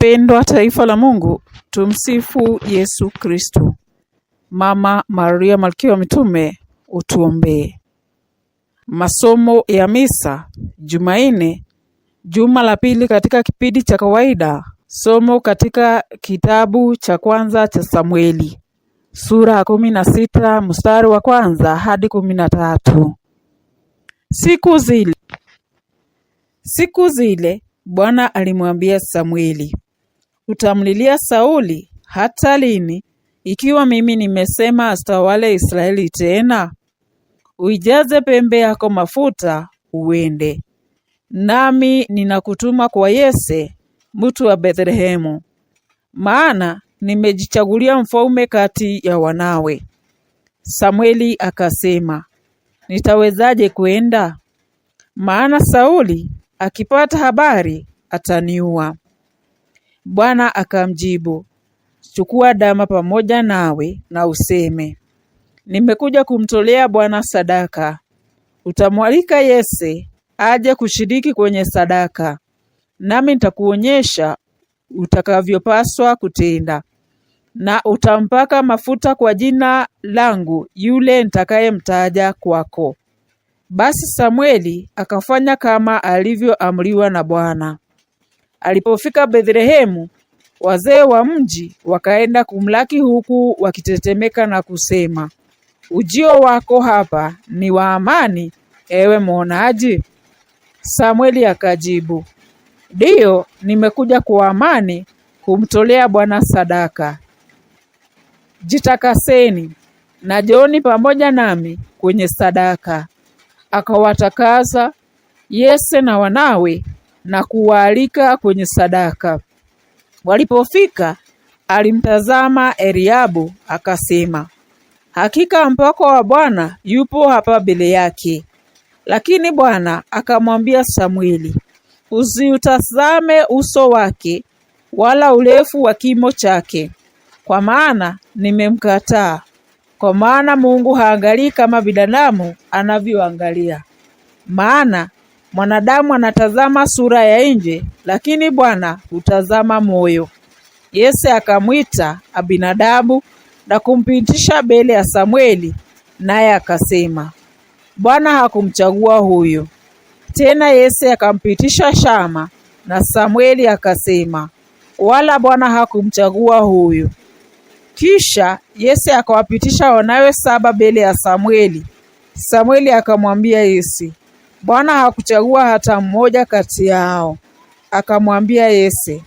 Wapendwa taifa la Mungu, tumsifu Yesu Kristu. Mama Maria malkia wa mitume utuombee. Masomo ya misa Jumanne, juma la pili katika kipindi cha kawaida. Somo katika kitabu cha kwanza cha Samueli sura ya kumi na sita mstari wa kwanza hadi kumi na tatu. Siku zile, siku zile Bwana alimwambia Samueli, tutamlilia Sauli hata lini, ikiwa mimi nimesema astawale Israeli tena? Uijaze pembe yako mafuta uende, nami ninakutuma kwa Yese mtu wa Bethlehemu, maana nimejichagulia mfalme kati ya wanawe. Samueli akasema, nitawezaje kwenda? Maana Sauli akipata habari ataniua. Bwana akamjibu, chukua dama pamoja nawe na useme, nimekuja kumtolea Bwana sadaka. Utamwalika Yese aje kushiriki kwenye sadaka, nami nitakuonyesha utakavyopaswa kutenda, na utampaka mafuta kwa jina langu yule nitakayemtaja kwako. Basi Samweli akafanya kama alivyoamriwa na Bwana. Alipofika Bethlehemu, wazee wa mji wakaenda kumlaki huku wakitetemeka na kusema, ujio wako hapa ni wa amani, ewe mwonaji? Samweli akajibu, ndiyo, nimekuja kwa amani kumtolea Bwana sadaka. Jitakaseni na Joni pamoja nami kwenye sadaka. Akawatakasa Yese na wanawe na kuwaalika kwenye sadaka. Walipofika alimtazama Eliabu akasema, hakika mpako wa Bwana yupo hapa mbele yake. Lakini Bwana akamwambia samweli usiutazame uso wake wala urefu wa kimo chake, kwa maana nimemkataa. Kwa maana Mungu haangalii kama binadamu anavyoangalia, maana Mwanadamu anatazama sura ya nje, lakini Bwana hutazama moyo. Yese akamwita Abinadabu na kumpitisha mbele ya Samweli, naye akasema, Bwana hakumchagua huyo. Tena Yese akampitisha Shama na Samweli akasema, wala Bwana hakumchagua huyo. Kisha Yese akawapitisha wanawe saba mbele ya Samweli. Samweli akamwambia Yese, Bwana hakuchagua hata mmoja kati yao. Akamwambia Yese,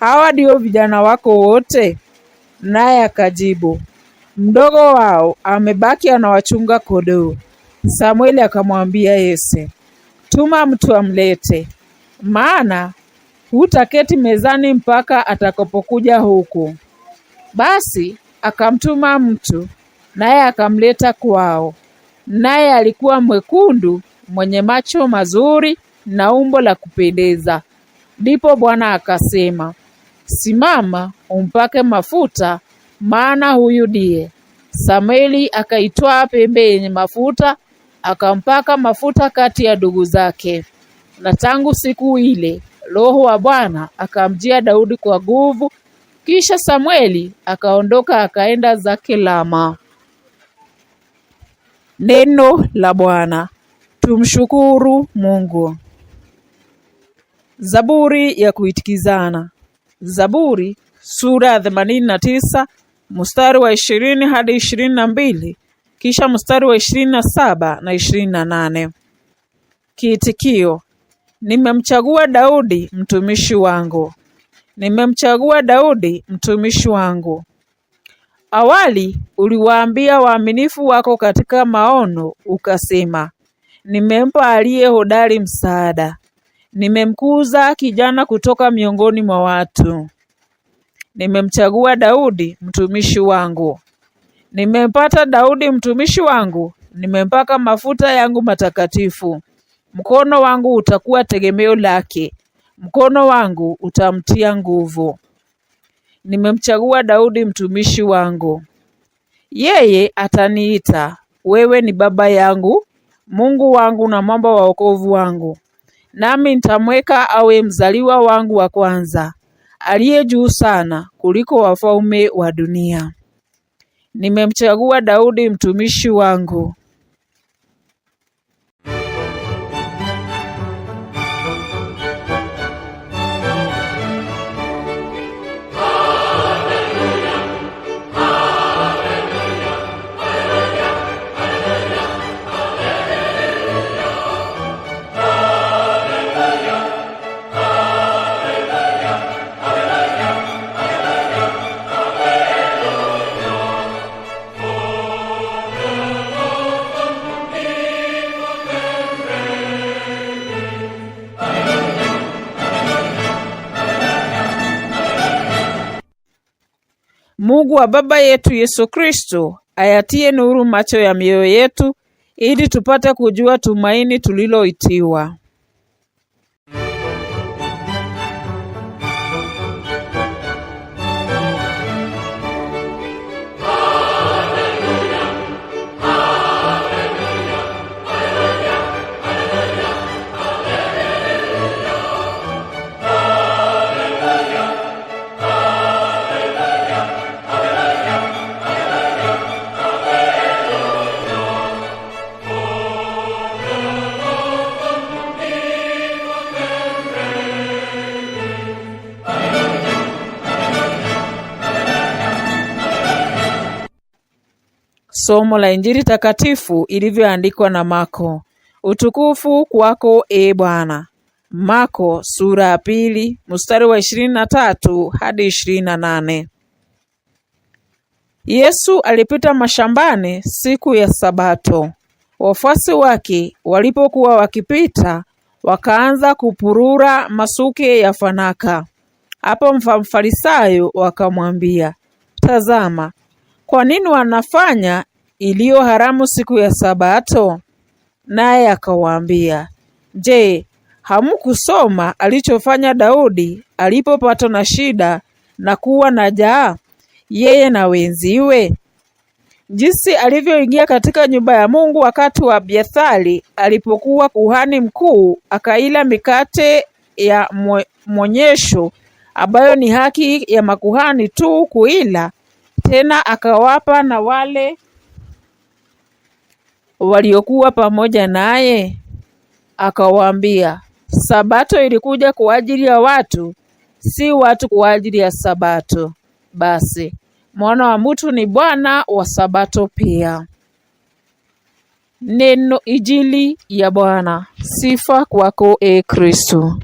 hawa ndio vijana wako wote? Naye akajibu, mdogo wao amebaki anawachunga kondoo. Samueli akamwambia Yese, tuma mtu amlete, maana hutaketi mezani mpaka atakapokuja huku. Basi akamtuma mtu, naye akamleta kwao, naye alikuwa mwekundu mwenye macho mazuri na umbo la kupendeza. Ndipo Bwana akasema, simama umpake mafuta, maana huyu ndiye. Samweli akaitwaa pembe yenye mafuta akampaka mafuta kati ya ndugu zake. Na tangu siku ile Roho wa Bwana akamjia Daudi kwa nguvu. Kisha Samweli akaondoka akaenda zake Lama. Neno la Bwana. Tumshukuru Mungu. Zaburi ya kuitikizana. Zaburi sura ya themanini na tisa mstari wa ishirini hadi ishirini na mbili kisha mstari wa ishirini na saba na ishirini na nane Kiitikio: nimemchagua Daudi mtumishi wangu, nimemchagua Daudi mtumishi wangu. Awali uliwaambia waaminifu wako katika maono, ukasema nimempa aliye hodari msaada, nimemkuza kijana kutoka miongoni mwa watu, nimemchagua Daudi mtumishi wangu, nimempata Daudi mtumishi wangu, nimempaka mafuta yangu matakatifu. Mkono wangu utakuwa tegemeo lake, mkono wangu utamtia nguvu. Nimemchagua Daudi mtumishi wangu, yeye ataniita, wewe ni baba yangu Mungu wangu na mwamba wa wokovu wangu, nami nitamweka awe mzaliwa wangu wa kwanza, aliye juu sana kuliko wafalme wa dunia. Nimemchagua Daudi mtumishi wangu, Mungu wa Baba yetu Yesu Kristo ayatie nuru macho ya mioyo yetu ili tupate kujua tumaini tuliloitiwa. Somo la Injili takatifu ilivyoandikwa na Marko. Utukufu kwako e Bwana. Marko sura ya pili mstari wa ishirini na tatu hadi ishirini na nane. Yesu alipita mashambani siku ya Sabato. Wafuasi wake walipokuwa wakipita, wakaanza kupurura masuke ya fanaka. Hapo Mfarisayo wakamwambia, Tazama, kwa nini wanafanya iliyo haramu siku ya Sabato? Naye akawaambia, Je, hamkusoma alichofanya Daudi alipopatwa na shida na kuwa na jaa yeye na wenziwe, jinsi alivyoingia katika nyumba ya Mungu wakati wa Abiathari alipokuwa kuhani mkuu, akaila mikate ya mwonyesho ambayo ni haki ya makuhani tu kuila, tena akawapa na wale waliokuwa pamoja naye, akawaambia, Sabato ilikuja kwa ajili ya watu, si watu kwa ajili ya Sabato. Basi mwana wa mtu ni Bwana wa Sabato pia. Neno Injili ya Bwana. Sifa kwako, e Kristo.